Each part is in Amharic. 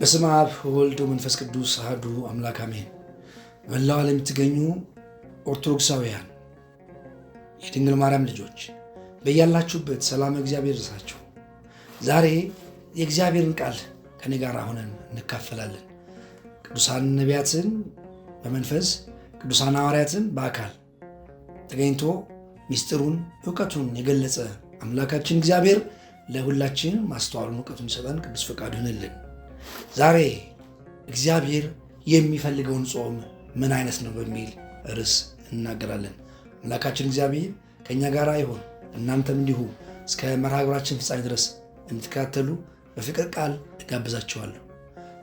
በስመ አብ ወልድ መንፈስ ቅዱስ አሐዱ አምላክ አሜን። በመላው ዓለም የምትገኙ ኦርቶዶክሳውያን የድንግል ማርያም ልጆች በያላችሁበት ሰላም እግዚአብሔር ይድረሳችሁ። ዛሬ የእግዚአብሔርን ቃል ከኔ ጋር ሆነን እንካፈላለን። ቅዱሳን ነቢያትን በመንፈስ ቅዱሳን ሐዋርያትን በአካል ተገኝቶ ሚስጢሩን እውቀቱን የገለጸ አምላካችን እግዚአብሔር ለሁላችን ማስተዋሉን እውቀቱን ይሰጠን፣ ቅዱስ ፈቃዱ ይሆንልን። ዛሬ እግዚአብሔር የሚፈልገውን ጾም ምን አይነት ነው በሚል ርዕስ እናገራለን። አምላካችን እግዚአብሔር ከእኛ ጋር ይሆን። እናንተም እንዲሁ እስከ መርሃ ግብራችን ፍጻሜ ድረስ እንድትከታተሉ በፍቅር ቃል እጋብዛችኋለሁ።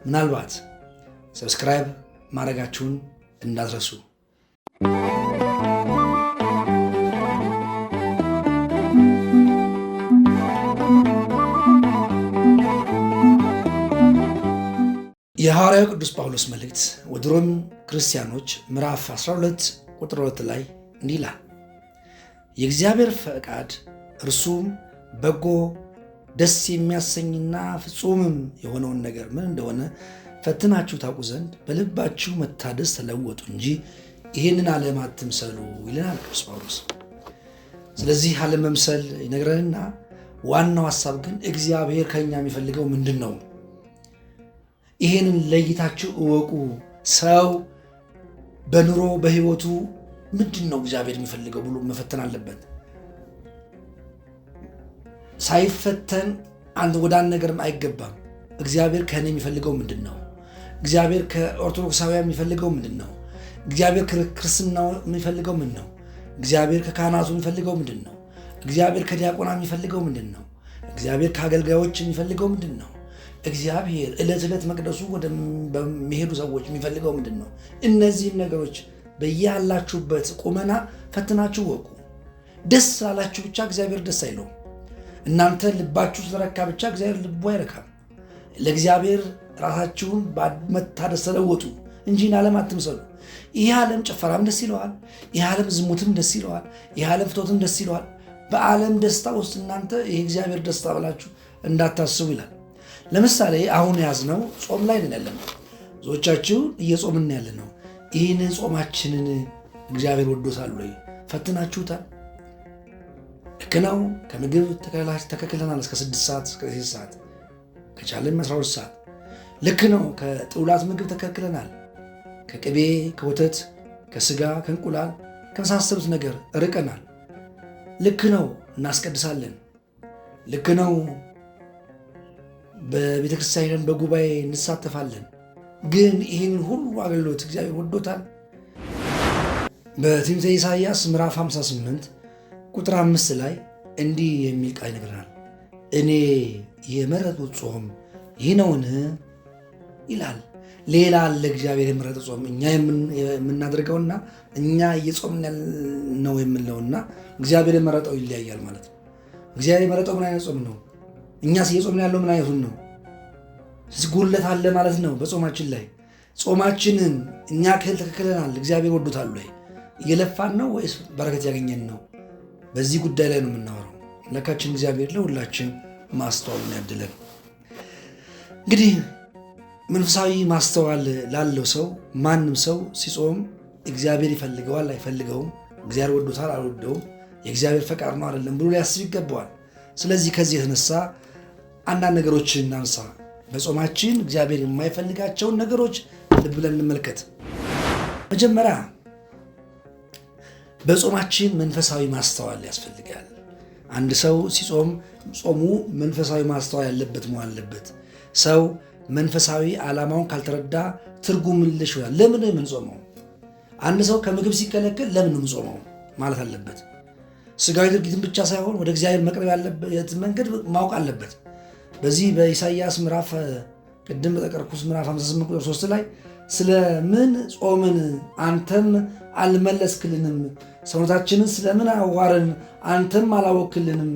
ምናልባት ሰብስክራይብ ማድረጋችሁን እንዳትረሱ። የሐዋርያው ቅዱስ ጳውሎስ መልእክት ወደ ሮም ክርስቲያኖች ምዕራፍ 12 ቁጥር 2 ላይ እንዲህ ይላል፣ የእግዚአብሔር ፈቃድ እርሱም በጎ ደስ የሚያሰኝና ፍጹምም የሆነውን ነገር ምን እንደሆነ ፈትናችሁ ታውቁ ዘንድ በልባችሁ መታደስ ተለወጡ እንጂ ይህንን ዓለም አትምሰሉ ይለናል ቅዱስ ጳውሎስ። ስለዚህ ዓለም መምሰል ይነግረንና ዋናው ሀሳብ ግን እግዚአብሔር ከኛ የሚፈልገው ምንድን ነው ይህንን ለይታችሁ እወቁ። ሰው በኑሮ በህይወቱ ምንድን ነው እግዚአብሔር የሚፈልገው ብሎ መፈተን አለበት። ሳይፈተን አንድ ወደ አንድ ነገርም አይገባም። እግዚአብሔር ከእኔ የሚፈልገው ምንድን ነው? እግዚአብሔር ከኦርቶዶክሳውያን የሚፈልገው ምንድን ነው? እግዚአብሔር ከክርስትናው የሚፈልገው ምንድን ነው? እግዚአብሔር ከካህናቱ የሚፈልገው ምንድን ነው? እግዚአብሔር ከዲያቆና የሚፈልገው ምንድን ነው? እግዚአብሔር ከአገልጋዮች የሚፈልገው ምንድን ነው? እግዚአብሔር እለት ዕለት መቅደሱ ወደሚሄዱ ሰዎች የሚፈልገው ምንድን ነው? እነዚህን ነገሮች በያላችሁበት ቁመና ፈትናችሁ ወቁ። ደስ ስላላችሁ ብቻ እግዚአብሔር ደስ አይለውም። እናንተ ልባችሁ ስለረካ ብቻ እግዚአብሔር ልቡ አይረካም። ለእግዚአብሔር ራሳችሁን መታደስ ተለወጡ እንጂ ዓለም አትምሰሉ። ይህ ዓለም ጭፈራም ደስ ይለዋል፣ ይህ ዓለም ዝሙትም ደስ ይለዋል፣ ይህ ዓለም ፍቶትም ደስ ይለዋል። በዓለም ደስታ ውስጥ እናንተ ይህ እግዚአብሔር ደስታ ብላችሁ እንዳታስቡ ይላል። ለምሳሌ አሁን ነው ጾም ላይ ነን ያለነው። ብዙዎቻችሁን እየጾምን ያለ ነው። ይህን ጾማችንን እግዚአብሔር ወዶታል ወይ? ፈትናችሁታል? ልክ ነው። ከምግብ ተከልክለናል እስከ ስድስት ሰዓት እስከ ሴት ሰዓት ከቻለም አስራ ሁለት ሰዓት ልክ ነው። ከጥውላት ምግብ ተከልክለናል። ከቅቤ፣ ከወተት፣ ከስጋ፣ ከእንቁላል ከመሳሰሉት ነገር ርቀናል። ልክ ነው። እናስቀድሳለን። ልክ ነው። በቤተ ክርስቲያን በጉባኤ እንሳተፋለን። ግን ይህን ሁሉ አገልግሎት እግዚአብሔር ወዶታል። በትንቢተ ኢሳይያስ ምዕራፍ 58 ቁጥር አምስት ላይ እንዲህ የሚል ቃል ይነግረናል። እኔ የመረጡት ጾም ይህ ነውን ይላል። ሌላ አለ እግዚአብሔር የመረጠ ጾም እኛ የምናደርገውና እኛ እየጾም ነው የምንለውና እግዚአብሔር የመረጠው ይለያያል ማለት ነው። እግዚአብሔር የመረጠው ምን አይነት ጾም ነው? እኛስ እየጾምን ያለው ምን አይነቱን ነው? ጉድለት አለ ማለት ነው በጾማችን ላይ። ጾማችንን እኛ ክህል ተከክለናል፣ እግዚአብሔር ወዶታል ወይ? እየለፋን ነው ወይስ በረከት ያገኘን ነው? በዚህ ጉዳይ ላይ ነው የምናወራው። አምላካችን እግዚአብሔር ለሁላችን ማስተዋሉን ያድለን። እንግዲህ መንፈሳዊ ማስተዋል ላለው ሰው ማንም ሰው ሲጾም እግዚአብሔር ይፈልገዋል አይፈልገውም፣ እግዚአብሔር ወዶታል አልወደውም፣ የእግዚአብሔር ፈቃድ ነው አይደለም ብሎ ሊያስብ ይገባዋል። ስለዚህ ከዚህ የተነሳ አንዳንድ ነገሮችን እናንሳ። በጾማችን እግዚአብሔር የማይፈልጋቸውን ነገሮች ልብ ብለን እንመልከት። መጀመሪያ በጾማችን መንፈሳዊ ማስተዋል ያስፈልጋል። አንድ ሰው ሲጾም ጾሙ መንፈሳዊ ማስተዋል ያለበት መሆን አለበት። ሰው መንፈሳዊ ዓላማውን ካልተረዳ ትርጉም የለሽ ይሆናል። ለምን ነው የምንጾመው? አንድ ሰው ከምግብ ሲከለከል ለምን ነው የምንጾመው ማለት አለበት። ስጋዊ ድርጊትን ብቻ ሳይሆን ወደ እግዚአብሔር መቅረብ ያለበት መንገድ ማወቅ አለበት። በዚህ በኢሳይያስ ምዕራፍ ቅድም በጠቀስኩት ምዕራፍ 58 ቁጥር 3 ላይ ስለምን ጾምን አንተም አልመለስክልንም፣ ሰውነታችንን ስለምን አዋርን አንተም አላወክልንም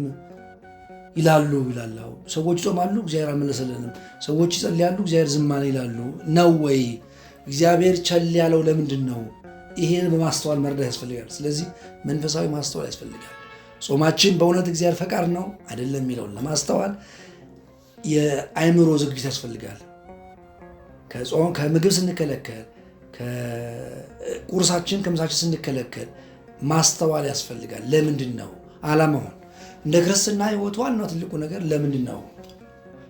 ይላሉ ይላል። ሰዎች ይጾማሉ፣ እግዚአብሔር አልመለሰልንም። ሰዎች ይጸልያሉ፣ እግዚአብሔር ዝም አለ ይላሉ። ነው ወይ? እግዚአብሔር ቸል ያለው ለምንድን ነው? ይሄን በማስተዋል መረዳት ያስፈልጋል። ስለዚህ መንፈሳዊ ማስተዋል ያስፈልጋል። ጾማችን በእውነት እግዚአብሔር ፈቃድ ነው አይደለም የሚለውን ለማስተዋል የአእምሮ ዝግጅት ያስፈልጋል። ከጾም ከምግብ ስንከለከል፣ ከቁርሳችን ከምሳችን ስንከለከል ማስተዋል ያስፈልጋል። ለምንድን ነው አላማውን? እንደ ክርስትና ህይወት ዋናው ትልቁ ነገር ለምንድን ነው?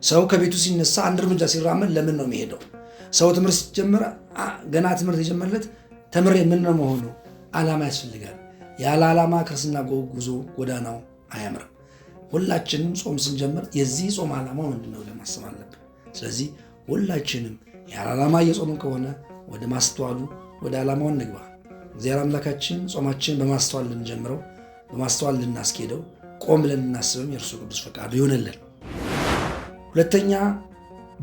ሰው ከቤቱ ሲነሳ አንድ እርምጃ ሲራመድ ለምን ነው የሚሄደው? ሰው ትምህርት ሲጀምር ገና ትምህርት የጀመረለት ተምሬ ምን ነው መሆኑ? አላማ ያስፈልጋል። ያለ አላማ ክርስትና ጉዞ ጎዳናው አያምርም። ሁላችንም ጾም ስንጀምር የዚህ ጾም ዓላማ ምንድን ነው ብለን ማሰብ አለብን። ስለዚህ ሁላችንም ያለ ዓላማ እየጾሙ ከሆነ ወደ ማስተዋሉ ወደ ዓላማው እንግባ። እግዚአብሔር አምላካችን ጾማችን በማስተዋል ልንጀምረው፣ በማስተዋል ልናስኬደው፣ ቆም ብለን ልናስብም የእርሱ ቅዱስ ፈቃዱ ይሆንልን። ሁለተኛ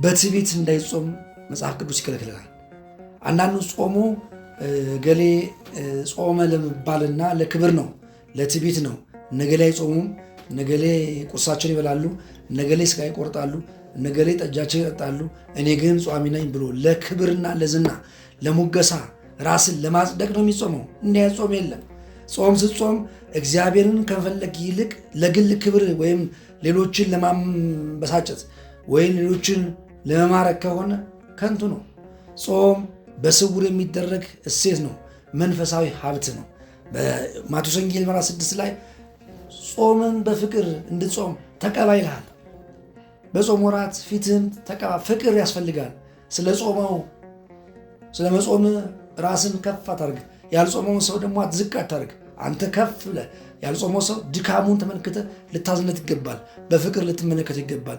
በትዕቢት እንዳይጾም መጽሐፍ ቅዱስ ይከለክለናል። አንዳንዱ ጾሙ ገሌ ጾመ ለመባልና ለክብር ነው ለትዕቢት ነው ነገ ላይ ጾሙም ነገሌ ቁርሳቸውን ይበላሉ፣ ነገሌ ስጋ ይቆርጣሉ፣ ነገሌ ጠጃቸው ይጠጣሉ፣ እኔ ግን ጿሚ ነኝ ብሎ ለክብርና ለዝና ለሙገሳ ራስን ለማጽደቅ ነው የሚጾመው። እንዲያ ጾም የለም። ጾም ስትጾም እግዚአብሔርን ከመፈለግ ይልቅ ለግል ክብር ወይም ሌሎችን ለማበሳጨት ወይም ሌሎችን ለመማረክ ከሆነ ከንቱ ነው። ጾም በስውር የሚደረግ እሴት ነው፣ መንፈሳዊ ሀብት ነው። በማቴዎስ ወንጌል ምዕራፍ 6 ላይ ጾምን በፍቅር እንድጾም ተቀባ ይልሃል። በጾም ወራት ፊትህን ተቀባ። ፍቅር ያስፈልጋል። ስለ ጾመው ስለ መጾም ራስን ከፍ አታርግ። ያልጾመውን ሰው ደግሞ ዝቅ አታርግ። አንተ ከፍ ብለ ያልጾመው ሰው ድካሙን ተመልክተ ልታዝነት ይገባል። በፍቅር ልትመለከት ይገባል።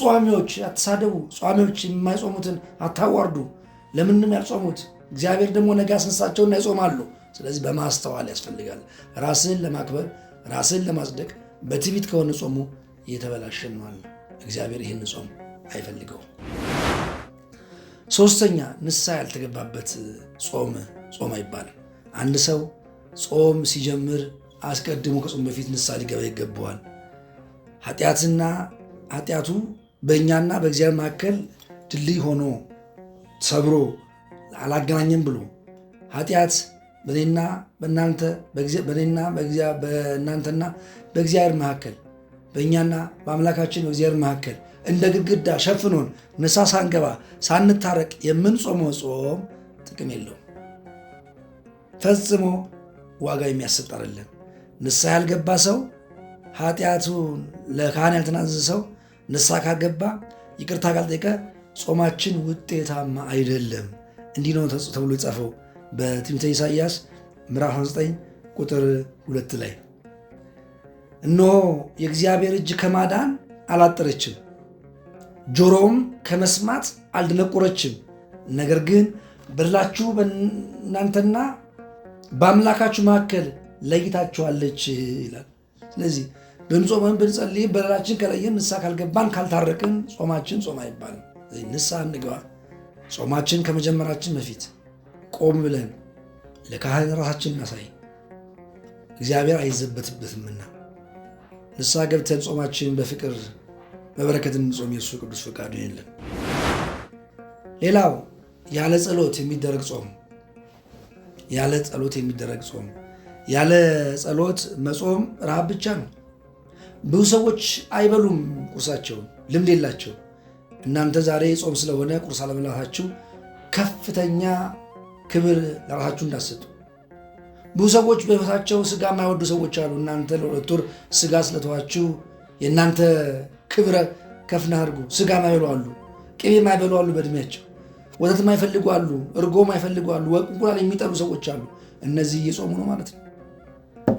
ጿሚዎች አትሳደቡ። ጿሚዎች የማይጾሙትን አታዋርዱ። ለምንም ያልጾሙት እግዚአብሔር ደግሞ ነገ ያስነሳቸውና ይጾማሉ። ስለዚህ በማስተዋል ያስፈልጋል ራስን ለማክበር ራስን ለማጽደቅ በትዕቢት ከሆነ ጾሙ እየተበላሸ እግዚአብሔር ይህን ጾም አይፈልገውም። ሶስተኛ ንስሐ ያልተገባበት ጾም ጾም አይባልም። አንድ ሰው ጾም ሲጀምር አስቀድሞ ከጾም በፊት ንስሐ ሊገባ ይገባዋል። ኃጢአትና ኃጢአቱ በእኛና በእግዚአብሔር መካከል ድልድይ ሆኖ ሰብሮ አላገናኘም ብሎ ኃጢአት በእኔና በእናንተ በእኔና በእናንተና በእግዚአብሔር መካከል በእኛና በአምላካችን በእግዚአብሔር መካከል እንደ ግድግዳ ሸፍኖን ንሳ ሳንገባ ሳንታረቅ የምንጾመው ጾም ጥቅም የለውም። ፈጽሞ ዋጋ የሚያሰጥ አይደለም። ንሳ ያልገባ ሰው ኃጢአቱን ለካህን ያልተናዘዘ ሰው ንሳ ካገባ ይቅርታ ካልጠየቀ ጾማችን ውጤታማ አይደለም። እንዲህ ነው ተብሎ የጻፈው። በትንቢተ ኢሳይያስ ምዕራፍ 29 ቁጥር 2 ላይ እነሆ የእግዚአብሔር እጅ ከማዳን አላጠረችም፣ ጆሮውም ከመስማት አልደነቆረችም። ነገር ግን በድላችሁ በእናንተና በአምላካችሁ መካከል ለይታችኋለች ይላል። ስለዚህ ብንጾም ወይም ብንጸልይ በደላችን ከለየን ካልገባን ካልታረቅን ጾማችን ጾም አይባልም። ንሳ እንግባ ጾማችን ከመጀመራችን በፊት ቆም ብለን ለካህን ራሳችን እናሳይ። እግዚአብሔር አይዘበትበትምና ንስሐ ገብተን ጾማችን በፍቅር በበረከት እንጾም። የእሱ ቅዱስ ፈቃዱ የለም። ሌላው ያለ ጸሎት የሚደረግ ጾም፣ ያለ ጸሎት የሚደረግ ጾም፣ ያለ ጸሎት መጾም ረሃብ ብቻ ነው። ብዙ ሰዎች አይበሉም፣ ቁርሳቸውን ልምድ የላቸው። እናንተ ዛሬ ጾም ስለሆነ ቁርስ አለመብላታችሁ ከፍተኛ ክብር ለራሳችሁ እንዳሰጡ። ብዙ ሰዎች በሕይወታቸው ስጋ የማይወዱ ሰዎች አሉ። እናንተ ለሁለት ወር ስጋ ስለተዋችሁ የእናንተ ክብረ ከፍና አድርጉ። ስጋ ማይበሉ አሉ፣ ቅቤ የማይበሉ አሉ፣ በእድሜያቸው ወተት የማይፈልጉ አሉ፣ እርጎ የማይፈልጉ አሉ፣ እንቁላል የሚጠሉ ሰዎች አሉ። እነዚህ እየጾሙ ነው ማለት ነው።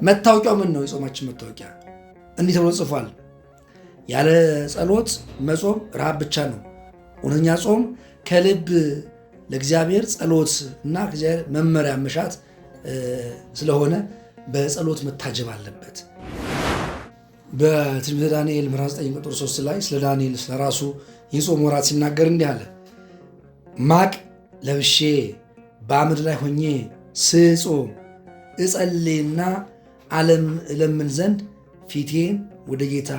መታወቂያው ምን ነው? የጾማችን መታወቂያ እንዲህ ተብሎ ጽፏል። ያለ ጸሎት መጾም ረሃብ ብቻ ነው። እውነተኛ ጾም ከልብ ለእግዚአብሔር ጸሎት እና እግዚአብሔር መመሪያ መሻት ስለሆነ በጸሎት መታጀብ አለበት። በትንቢተ ዳንኤል ምዕራፍ 9 ቁጥር 3 ላይ ስለ ዳንኤል ስለ ራሱ የጾም ወራት ሲናገር እንዲህ አለ። ማቅ ለብሼ በአመድ ላይ ሆኜ ስጾም እጸልይና ዓለም እለምን ዘንድ ፊቴን ወደ ጌታ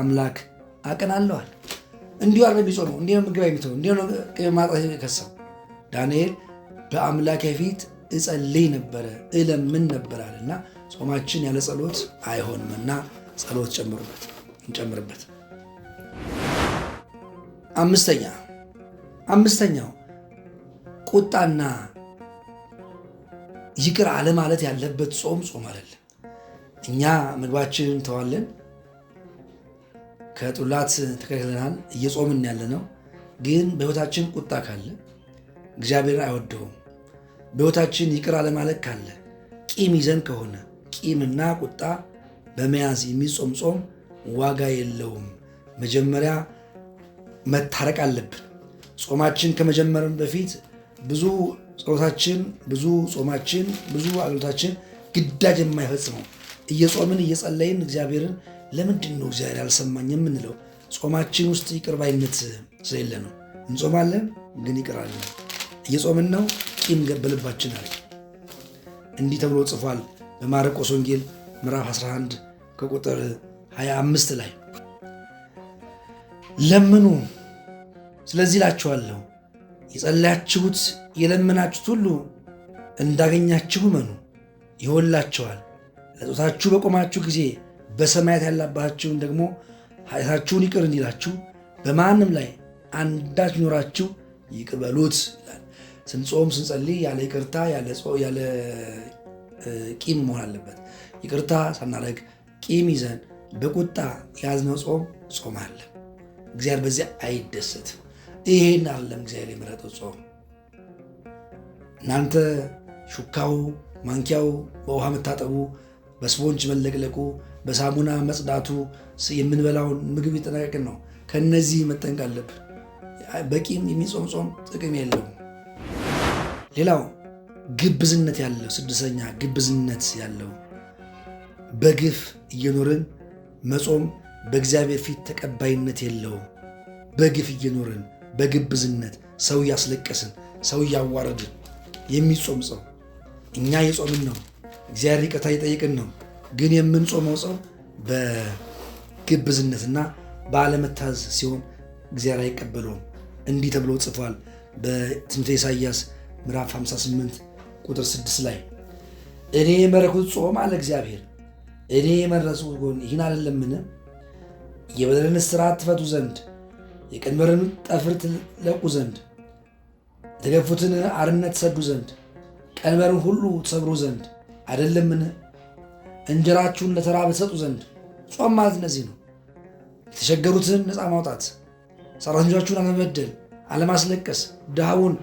አምላክ አቀናለዋል። እንዲሁ አለ የሚጾመው እንዲህ ነው ምግብ የሚተው እንዲሁ ነው ማጣት የከሳው ዳንኤል በአምላኬ ፊት እጸልይ ነበረ እለምን ነበር አለና፣ ጾማችን ያለ ጸሎት አይሆንምና ጸሎት ጨምሩበት እንጨምርበት። አምስተኛ አምስተኛው ቁጣና ይቅር አለማለት ያለበት ጾም ጾም አይደለም። እኛ ምግባችን ተዋለን ከጡላት ተከልክለናል፣ እየጾምን ያለ ነው። ግን በህይወታችን ቁጣ ካለ እግዚአብሔር አይወደውም። በሕይወታችን ይቅር አለማለት ካለ፣ ቂም ይዘን ከሆነ ቂምና ቁጣ በመያዝ የሚጾም ጾም ዋጋ የለውም። መጀመሪያ መታረቅ አለብን። ጾማችን ከመጀመር በፊት ብዙ ጸሎታችን፣ ብዙ ጾማችን፣ ብዙ አገልግሎታችን ግዳጅ የማይፈጽመው እየጾምን እየጸለይን እግዚአብሔርን ለምንድን ነው እግዚአብሔር ያልሰማኝ የምንለው? ጾማችን ውስጥ ይቅርባይነት ባይነት ስለሌለ ነው። እንጾማለን ግን ይቅር አለን። የጾምናው ቂም በልባችን አለ። እንዲህ ተብሎ ጽፏል በማረቆስ ወንጌል ምዕራፍ 11 ከቁጥር 25 ላይ ለምኑ፣ ስለዚህ እላችኋለሁ የጸለያችሁት የለመናችሁት ሁሉ እንዳገኛችሁ መኑ ይሆንላችኋል። ለጦታችሁ በቆማችሁ ጊዜ በሰማያት ያላባችሁን ደግሞ ኃጢአታችሁን ይቅር እንዲላችሁ በማንም ላይ አንዳች ኖራችሁ ይቅበሉት ይላል። ስንጾም ስንጸልይ ያለ ይቅርታ ያለ ቂም መሆን አለበት። ይቅርታ ሳናደርግ ቂም ይዘን በቁጣ የያዝነው ጾም ጾም አለ። እግዚአብሔር በዚያ አይደሰትም። ይሄን አለም እግዚአብሔር የመረጠው ጾም እናንተ ሹካው ማንኪያው በውሃ መታጠቡ፣ በስፖንጅ መለቅለቁ፣ በሳሙና መጽዳቱ፣ የምንበላውን ምግብ ይጠናቀቅን ነው። ከነዚህ መጠንቅ አለብን። በቂም የሚጾም ጾም ጥቅም የለውም። ሌላው ግብዝነት ያለው ስድስተኛ ግብዝነት ያለው በግፍ እየኖርን መጾም በእግዚአብሔር ፊት ተቀባይነት የለውም። በግፍ እየኖርን በግብዝነት ሰው እያስለቀስን ሰው እያዋረድን የሚጾም ሰው እኛ የጾምን ነው፣ እግዚአብሔር ይቅርታ እየጠየቅን ነው። ግን የምንጾመው ሰው በግብዝነትና በአለመታዝ ሲሆን እግዚአብሔር አይቀበለውም። እንዲህ ተብሎ ጽፏል በትንቢተ ኢሳይያስ ምዕራፍ 58 ቁጥር 6 ላይ እኔ የመረኩት ጾም አለ እግዚአብሔር እኔ የመረስኩት ጎን ይህን አይደለምን? የበደልን ስርዓት ትፈቱ ዘንድ የቀንበርን ጠፍር ትለቁ ዘንድ የተገፉትን አርነት ትሰዱ ዘንድ ቀንበርን ሁሉ ትሰብሩ ዘንድ አይደለምን? እንጀራችሁን ለተራበ ትሰጡ ዘንድ። ጾም ማለት እነዚህ ነው። የተቸገሩትን ነፃ ማውጣት፣ ሰራተኞቻችሁን አለመበደል፣ አለማስለቀስ፣ ድሃውን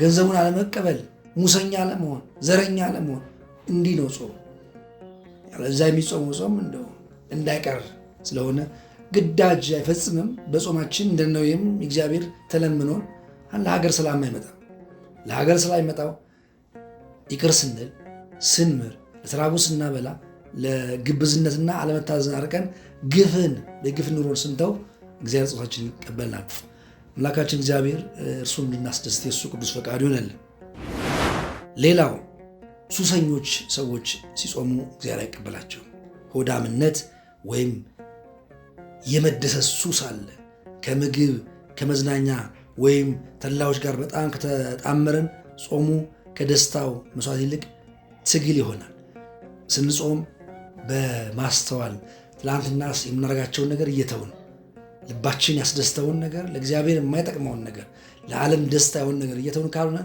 ገንዘቡን አለመቀበል፣ ሙሰኛ አለመሆን፣ ዘረኛ አለመሆን እንዲህ ነው ጾም። እዛ የሚጾመው ጾም እንደው እንዳይቀር ስለሆነ ግዳጅ አይፈጽምም። በጾማችን እንደነውም እግዚአብሔር ተለምኖን ለሀገር ሰላም አይመጣም። ለሀገር ስላይመጣው ይቅር ስንል ስንምር፣ ለተራቡ ስናበላ፣ ለግብዝነትና አለመታዘን አርቀን ግፍን ለግፍ ኑሮን ስንተው እግዚአብሔር ጽሳችን ይቀበልናል። አምላካችን እግዚአብሔር እርሱ እንድናስደስት የእሱ ቅዱስ ፈቃድ ይሆናል። ሌላው ሱሰኞች ሰዎች ሲጾሙ እግዚአብሔር አይቀበላቸው። ሆዳምነት ወይም የመደሰት ሱስ አለ። ከምግብ ከመዝናኛ ወይም ተላዎች ጋር በጣም ከተጣመረን ጾሙ ከደስታው መስዋዕት ይልቅ ትግል ይሆናል። ስንጾም በማስተዋል ትላንትና የምናደርጋቸውን ነገር እየተውን ልባችን ያስደስተውን ነገር፣ ለእግዚአብሔር የማይጠቅመውን ነገር፣ ለዓለም ደስታ የሆን ነገር እየተውን ካልሆነ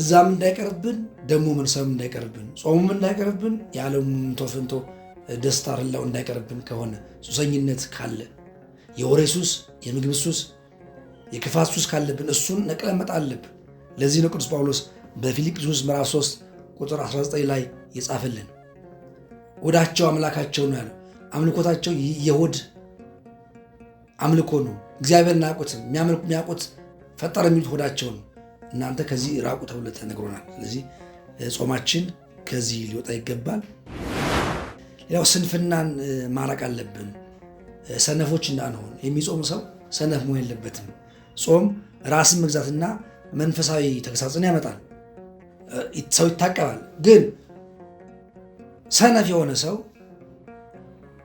እዛም እንዳይቀርብን ደግሞ መንሰብም እንዳይቀርብን ጾሙም እንዳይቀርብን የዓለም ንቶ ፍንቶ ደስታ ርላው እንዳይቀርብን ከሆነ ሱሰኝነት ካለ የወሬ ሱስ፣ የምግብ ሱስ፣ የክፋት ሱስ ካለብን እሱን ነቅለን መጣል አለብን። ለዚህ ነው ቅዱስ ጳውሎስ በፊልጵስዩስ ምዕራፍ 3 ቁጥር 19 ላይ የጻፈልን። ወዳቸው አምላካቸው ነው ያለው። አምልኮታቸው የሆድ አምልኮ ነው። እግዚአብሔርን አያውቁትም። የሚያውቁት ፈጠረ የሚሉት ነው። እናንተ ከዚህ ራቁ ተብሎ ተነግሮናል። ስለዚህ ጾማችን ከዚህ ሊወጣ ይገባል። ሌላው ስንፍናን ማራቅ አለብን። ሰነፎች እንዳንሆን የሚጾም ሰው ሰነፍ መሆን የለበትም። ጾም ራስን መግዛትና መንፈሳዊ ተግሳጽን ያመጣል። ሰው ይታቀባል። ግን ሰነፍ የሆነ ሰው፣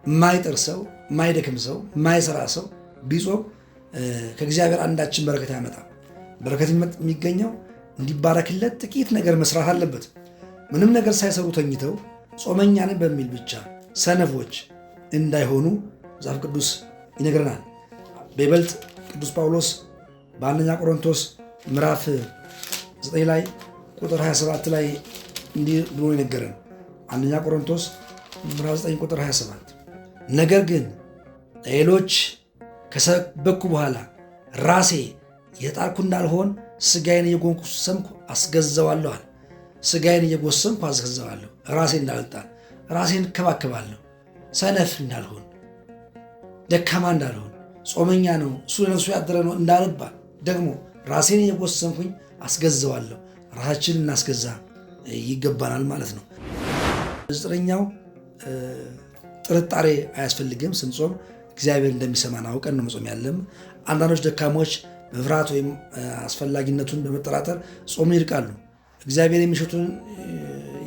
የማይጥር ሰው፣ የማይደክም ሰው፣ የማይሰራ ሰው ቢጾም ከእግዚአብሔር አንዳችን በረከት ያመጣ በረከት የሚገኘው እንዲባረክለት ጥቂት ነገር መስራት አለበት። ምንም ነገር ሳይሰሩ ተኝተው ጾመኛን በሚል ብቻ ሰነፎች እንዳይሆኑ መጽሐፍ ቅዱስ ይነግረናል። በይበልጥ ቅዱስ ጳውሎስ በአንደኛ ቆሮንቶስ ምዕራፍ 9 ላይ ቁጥር 27 ላይ እንዲህ ብሎ ይነገረን። አንደኛ ቆሮንቶስ ምዕራፍ 9 ቁጥር 27 ነገር ግን ሌሎች ከሰበኩ በኋላ ራሴ የጣርኩ እንዳልሆን ስጋዬን እየጎሰምኩ አስገዘዋለኋል። ስጋዬን እየጎሰምኩ አስገዘዋለሁ። ራሴ እንዳልጣል፣ ራሴን እንከባከባለሁ። ሰነፍ እንዳልሆን፣ ደካማ እንዳልሆን፣ ጾመኛ ነው እሱ ለነሱ ያደረ ነው እንዳልባ ደግሞ ራሴን እየጎሰምኩኝ አስገዘዋለሁ። ራሳችንን እናስገዛ ይገባናል ማለት ነው። ዘጠነኛው ጥርጣሬ አያስፈልግም ስንጾም እግዚአብሔር እንደሚሰማን አውቀን ነው መጾም ያለም። አንዳንዶች ደካሞች መፍራት ወይም አስፈላጊነቱን በመጠራጠር ጾሙ ይርቃሉ። እግዚአብሔር የሚሸቱን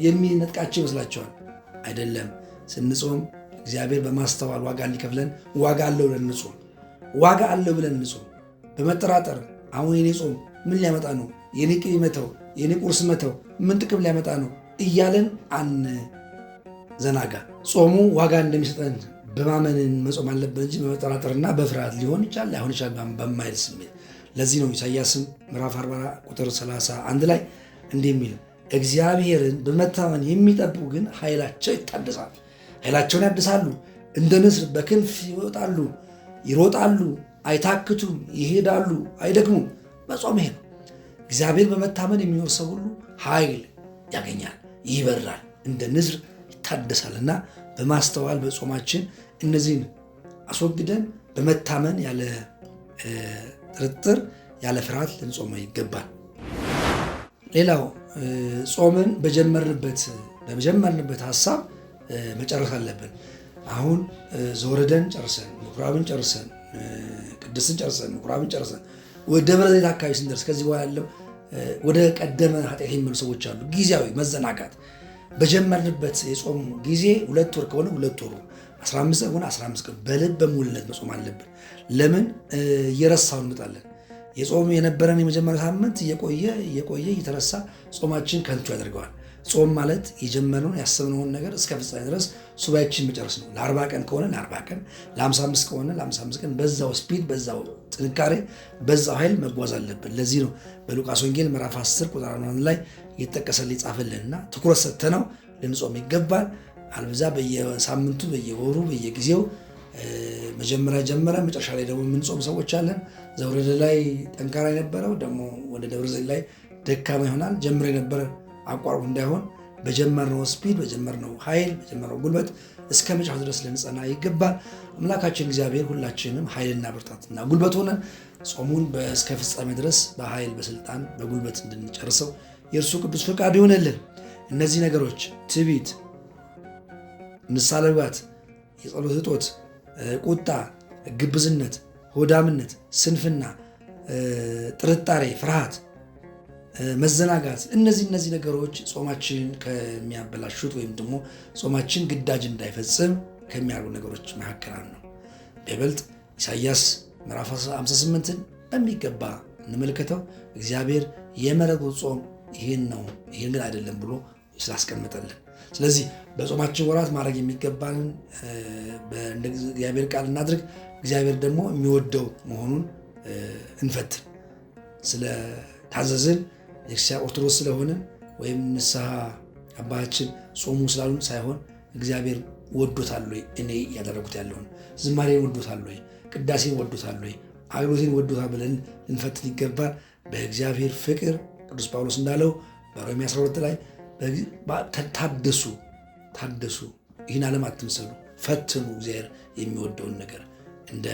የሚነጥቃቸው ይመስላቸዋል። አይደለም። ስንጾም እግዚአብሔር በማስተዋል ዋጋ እንዲከፍለን ዋጋ አለው ብለን እንጾም ዋጋ አለው ብለን እንጾም በመጠራጠር አሁን የኔ ጾም ምን ሊያመጣ ነው? የኔ ቅቤ መተው፣ የኔ ቁርስ መተው ምን ጥቅም ሊያመጣ ነው? እያለን አንዘናጋ። ጾሙ ዋጋ እንደሚሰጠን በማመንን መጾም አለብን እንጂ በመጠራጠርና በፍርሃት ሊሆን ይችላል ላይሆን ይቻል በማይል ስሜት። ለዚህ ነው ኢሳያስም ምዕራፍ 40 ቁጥር 31 ላይ እንዲህ የሚል እግዚአብሔርን በመታመን የሚጠብቁ ግን ኃይላቸው ይታደሳል። ኃይላቸውን ያድሳሉ፣ እንደ ንስር በክንፍ ይወጣሉ፣ ይሮጣሉ፣ አይታክቱም፣ ይሄዳሉ፣ አይደክሙም። መጾም ይሄ ነው። እግዚአብሔር በመታመን የሚኖር ሰው ሁሉ ኃይል ያገኛል፣ ይበራል፣ እንደ ንስር ይታደሳልና በማስተዋል በጾማችን እነዚህን አስወግደን በመታመን ያለ ጥርጥር ያለ ፍርሃት ልንጾመ ይገባል። ሌላው ጾምን በጀመርንበት በጀመርንበት ሀሳብ መጨረስ አለብን። አሁን ዘወረደን ጨርሰን ምኩራብን ጨርሰን ቅድስን ጨርሰን ምኩራብን ጨርሰን ወደ ደብረ ዘይት አካባቢ ስንደርስ ከዚህ በኋላ ያለው ወደ ቀደመ ኃጢአት የሚመሉ ሰዎች አሉ። ጊዜያዊ መዘናጋት በጀመርንበት የጾም ጊዜ ሁለት ወር ከሆነ ሁለት ወሩ 15 ሆነ 15 ቀን በልበ ሙሉነት መጾም አለብን። ለምን እየረሳው እንመጣለን። የጾም የነበረን የመጀመሪያ ሳምንት እየቆየ እየቆየ እየተረሳ ጾማችን ከንቱ ያደርገዋል። ጾም ማለት የጀመርነውን ያሰብነውን ነገር እስከ ፍጻሜ ድረስ ሱባኤችን መጨረስ ነው። ለአርባ ቀን ከሆነ ለአርባ ቀን ለ55 ከሆነ ለ55 ቀን በዛው ስፒድ፣ በዛው ጥንካሬ፣ በዛው ኃይል መጓዝ አለብን። ለዚህ ነው በሉቃስ ወንጌል ምዕራፍ 10 ቁጥር 1 ላይ እየተጠቀሰልን ይጻፈልን ትኩረት ሰጥተነው ልንጾም ይገባል። አልብዛ በየሳምንቱ በየወሩ በየጊዜው መጀመሪያ ጀመረ መጨረሻ ላይ ደግሞ የምንጾም ሰዎች አለን። ዘውረደ ላይ ጠንካራ የነበረው ደግሞ ወደ ደብረ ዘይት ላይ ደካማ ይሆናል። ጀምረ የነበረ አቋርቡ እንዳይሆን በጀመርነው ስፒድ በጀመርነው ኃይል በጀመርነው ጉልበት እስከ መጨረሻ ድረስ ልንጸና ይገባል። አምላካችን እግዚአብሔር ሁላችንም ኃይልና ብርታትና ጉልበት ሆነ ጾሙን እስከ ፍጻሜ ድረስ በኃይል በስልጣን በጉልበት እንድንጨርሰው የእርሱ ቅዱስ ፈቃድ ይሆነልን። እነዚህ ነገሮች ትቢት ንስሐ መግባት፣ የጸሎት እጦት፣ ቁጣ፣ ግብዝነት፣ ሆዳምነት፣ ስንፍና፣ ጥርጣሬ፣ ፍርሃት፣ መዘናጋት እነዚህ እነዚህ ነገሮች ጾማችንን ከሚያበላሹት ወይም ደግሞ ጾማችን ግዳጅ እንዳይፈጽም ከሚያርጉ ነገሮች መካከል አንዱ ነው። በይበልጥ ኢሳያስ ምዕራፍ 58ን በሚገባ እንመልከተው። እግዚአብሔር የመረጡ ጾም ይህን ነው ይህን ግን አይደለም ብሎ ስላስቀመጠልን ስለዚህ በጾማችን ወራት ማድረግ የሚገባንን እንደ እግዚአብሔር ቃል እናድርግ። እግዚአብሔር ደግሞ የሚወደው መሆኑን እንፈትን። ስለታዘዝን የክርስቲያን ኦርቶዶክስ ስለሆነ ወይም ንስሐ አባታችን ጾሙ ስላሉን ሳይሆን እግዚአብሔር ወዶታል ወይ፣ እኔ ያደረጉት ያለውን ዝማሬን ወዶታል ወይ፣ ቅዳሴን ወዶታል ወይ፣ አገልግሎቴን ወዶታል ብለን ልንፈትን ይገባል። በእግዚአብሔር ፍቅር ቅዱስ ጳውሎስ እንዳለው በሮሜ 12 ላይ ታደሱ ታደሱ፣ ይህን ዓለም አትምሰሉ፣ ፈትኑ እግዚአብሔር የሚወደውን ነገር እንደ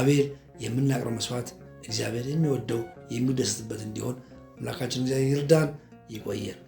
አቤል የምናቅረው መስዋዕት እግዚአብሔር የሚወደው የሚደሰትበት እንዲሆን አምላካችን እግዚአብሔር ይርዳን። ይቆየን።